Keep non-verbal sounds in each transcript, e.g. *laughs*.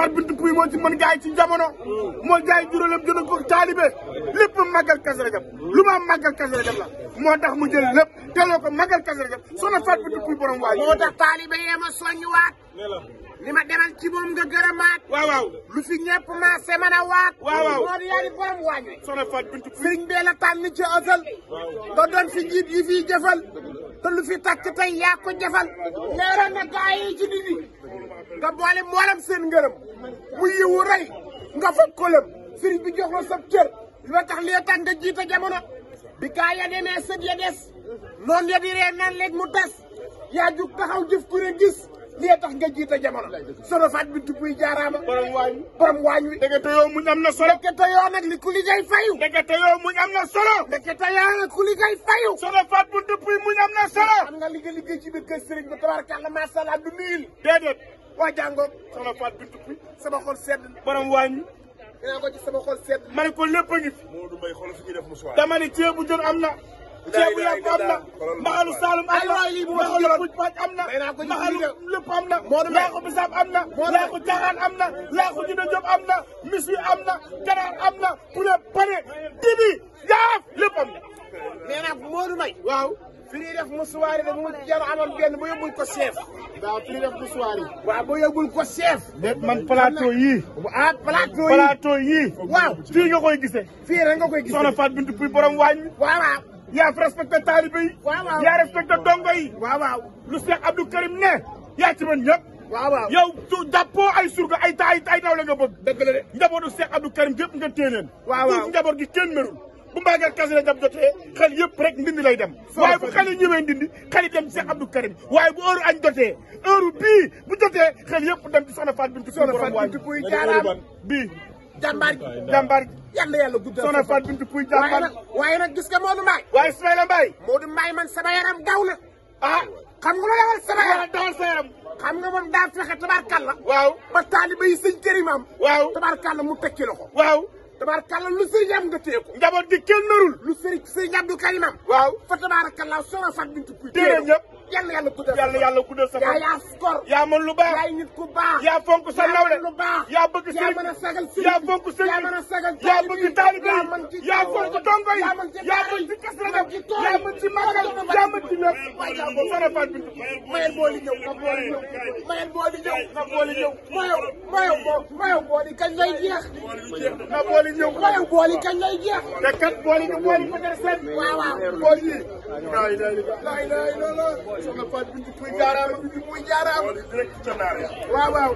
Fat Bintou Pouye moo ci ci jamono moo jaay juróom jënd ko taalibe lépp màggal lu maam màggal Kazu la moo tax mu jël lépp delloo ko màggal Kazu Rajab soxna Fat Bintou Pouye borom waay moo tax taalibe yee ma soññuwaat li ma demal ci moom nga gërëmaat waaw waaw lu fi ñepp ma se a waat waaw waaw moo di yaa di borom waañ wi soxna Fat Bintou Pouye bee la tànn ci asal ba doon fi njiit yi fiy jëfal te lu fi tàkk tey yaa ko jëfal na gaay ci nit nga boole mboolem seen ngërëm mu yiwu rey nga foog ko lépp sëriñ bi jox la sa cër loo tax lee tax nga jiite jamono bi gaa ya demee sët ya des noonu ya di ree naan léeg mu tas yaa jug taxaw jëf ku ne gis lee nga jiita jamono sono faat bi dupuy jaaraama borom waañ borom waañ wi ndekete yoo muñ am na solo ndekete yoo nag li ku liggéey fayu ndekete yoo muñ am na solo ndekete yoo am na solo am nga liggéey liggéey ci biir kër sëriñ bi tabaarkalla maasàllaa du niil waa jàngoog soxna Fatou Bintou Pouy sama xol sedd borom waañu dinaa ko ci ma ko lépp a ngi fi Modou Mbaye xoolal fi ñuy def am na ceebu yàpp am na mbaxalu Saalum am na mbaxalu buj am na laaxu bisaab am na laaxu jaxaan am na laaxu jina job am na misi am na ganaar am na poulet pané dibi yaaf lépp am na nee naa Modou Mbaye fi ñuy def musuwaar yi dafa mujj jar yóbbul ko chef. waaw fi ñuy def musuwaar yi. waaw ba yóbbul ko chef. déet man plateau yii. ah plateau fii nga koy gisee. fii rek nga koy gisee soxna Fatou Bintou Pouye borom waañ. waaw waaw. yaa fi respecté taalibe yaa respecté dongo lu Cheikh Abdou Karim ne. yaa ci ñëpp. waaw waaw yow jàppoo ay surga ay taay ay taw la nga bëgg. dëgg la de njabootu Cheikh Abdou Karim gépp nga gi kenn bu mbaagal kasila jam jotee xel yëpp rek ndindi lay dem waaye bu xel yi ñëwee ndindi xel yi dem Cheikh Abdou Karim waaye bu heure añ jotee heure bii bu jotee xel yëpp dem ci soxna Fatou Bintou soxna Fatou Bintou Pouye jaaraam bii jàmbaar gi jàmbaar gi yàlla yàlla guddal soxna Fatou waaye nag gis nga Modou Mbaye waaye Ismaïla yaram daw na ah xam nga lu dawal sama yaram dawal sa yaram xam nga moom daa fexe tabarkàlla waaw ba taaliba yi sëñ Karimam waaw mu tekki loxo waaw tabaarakallaa lu sëriñ am nga téye ko njaboot di kenn narul lu sëriñ sëriñ Abdou Karimam waaw fa tabaarakallaa solo fat bintu kuy téye yàlla yàlla guddal yàlla yàlla guddal sa fan. yaa skor yaa mën lu baax yaa nit ku baax. yaa fonk sa nawle lu baax. yaa bëgg sëriñ yaa mën a sagal sëriñ yaa fonk sëriñ yaa mën a sagal yaa bëgg taalibe yi yaa fonk dongo yi yaa mën ci kas la def yaa mën ci màggal yaa mën ci lépp. Soxna Fatou Binetou mayel boo di ñëw nga boo di ñëw mayel boo di ñëw nga boo di ñëw mayow mayow mayow boo di kañ lay jeex nga boo di ñëw mayow boo di kañ lay jeex te kat boo di ñu boo di ko def seen waaw waaw boo di laa ilaaha illallaah soxna Fatou Bintou Pouye jaaraama Bintou Pouye jaaraama waaw waaw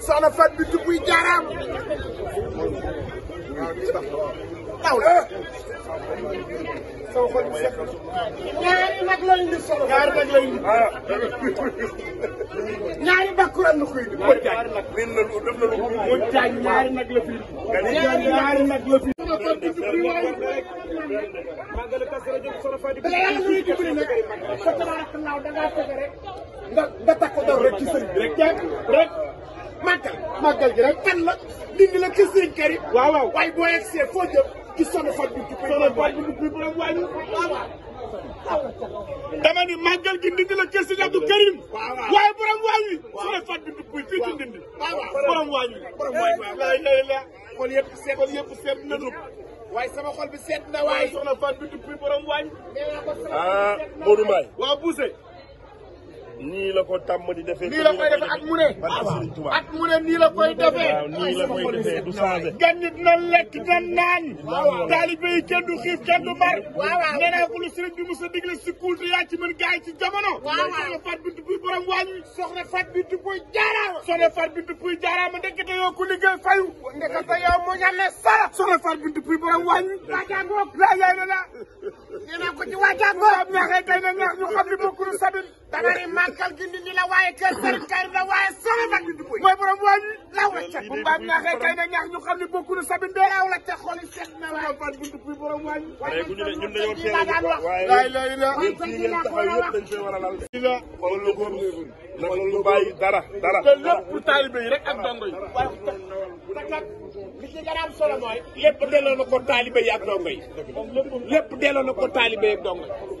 soxna Fatou Bintou Pouye jaaraama taw la. sama xol bi set na. ñaari nag la indi solo. ñaari nag la ah. *laughs* indi. ñaari bakkuran la koy indi. moo jaay moo jaay ñaari nag la fi indi. ñaari nag la fi indi. nga nga takk daw rek ci sëriñ bi rek jàng rek màggal màggal gi rek kan la dindi la ci sëriñ kër yi waaw waaw waaye boo yegsee foo jëm ci sama xol bi sama xol bi du bëgg waaye dama ni màggal gi ndindi a kër si Abdou Karim waaye borom waañ wi sama bi du bëgg fii ci ndindi borom waañ wi borom waañ na nu waaye sama xol bi seet na waaye soxna Fatou bi du nii la ko tàmm di defee. nii la koy defee at mu ne. at nii la koy defee. waaw nii la gan ñi dina lekk dina naan. waaw kenn du xiif kenn du mar. waaw nee naa lu sëriñ bi mos a digle si kuul te yaa ci mën gaay ci jamono. waaw waaw soxna Fat Bintou Pouye borom wàññi. soxna Fat Bintou Pouye jaaraama. soxna Fat Bintou Pouye jaaraama ndekete yoo ku liggéey fayu. ndekete yoo mu ñàlle sara. soxna Fat Bintou Pouye borom wàññi. waajal ngoog laa yaay la laa. ci waajal ngoog. waaw Babacar Gueye nit ñi la waaye kër Serigne Karim la waaye sama mag bi dugub waa law la ca bu mbaam ñaaxee kay na a wax waaye lay lépp pour a am solo mooy lépp ko taalibe ak dongo yi lépp delloo ko taalibe ak dongo yi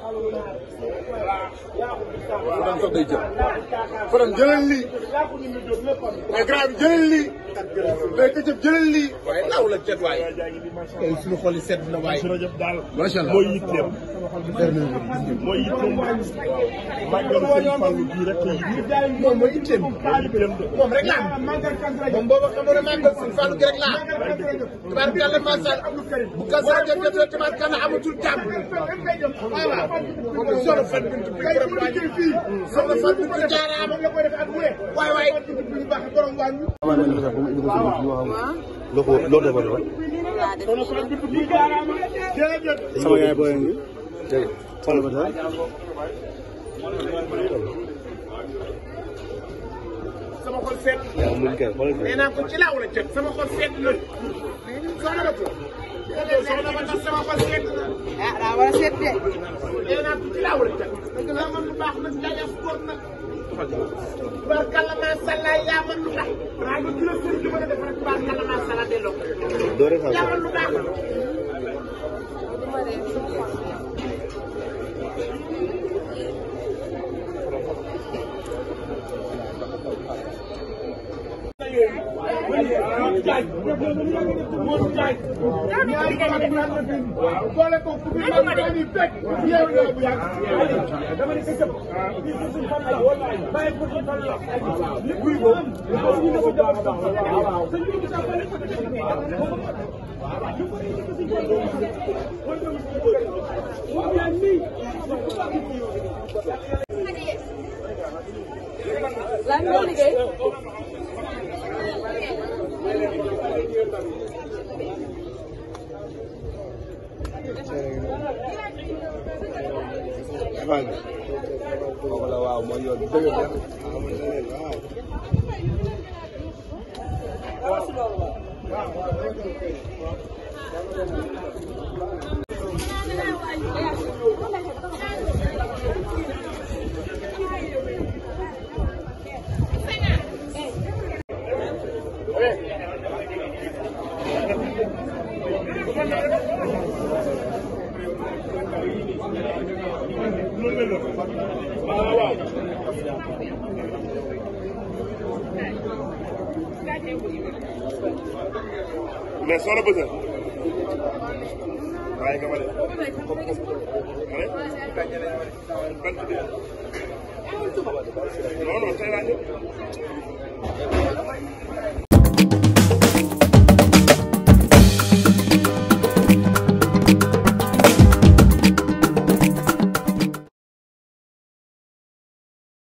Fadam sax day jël Fadam jëlal lii mais grand bi jëlal lii mais këccëg jëlal lii waaye naaw la cet waaye tey suñu xol yi sedd na waaye macha allah mooy yitteem mooy yitteem màggal sëñ Fallou bii rek la yitteem moom mooy yitteem moom rek la am moom booba xamoon na màggal sëñ Fallou gi rek la am tabaarkalla macha allah bu kasaan jot jot tabaarkalla amatul jàmm waaw waaw soxna Fatou Binetou Pouye borom waañ fii soxna Fatou Binetou jaaraam moom la koy def ak mu ne waay waay Fatou Binetou Pouye baax borom waañ wi sama yaay booy ngi seet. waaw muy kër xoolal kër nee naa ko ci laaw la jot sama xol seet na. soxna la ko. soxna ma tax sama xol seet na. ah daa war a seet de. nee naa ko ci laaw la jot. dëgg la man lu baax nag daje góor nag. barkalla maa salla yaa man lu baax. waaye ba kilo sëriñ li ma la def rek barkalla maa salla delloo ko. doore saa yaa man lu baax. Modou Ndiaye. ñaari fan yu naan la fi. boole ko ku fi naan la fi fekk. yow yow bu yàgg. dama ne këccëg. fii ci suñu fan la. bàyyi ko suñu fan la. li buy ko. waaw ñu ne ko jamono sax. sëñ bi dafa bëri ko ci suñu fan. lan nga liggéey. waaw mooy yoon bi dëgg la. waaw. mais soo la bëgg waaye nga wane. non non tey laa ñëw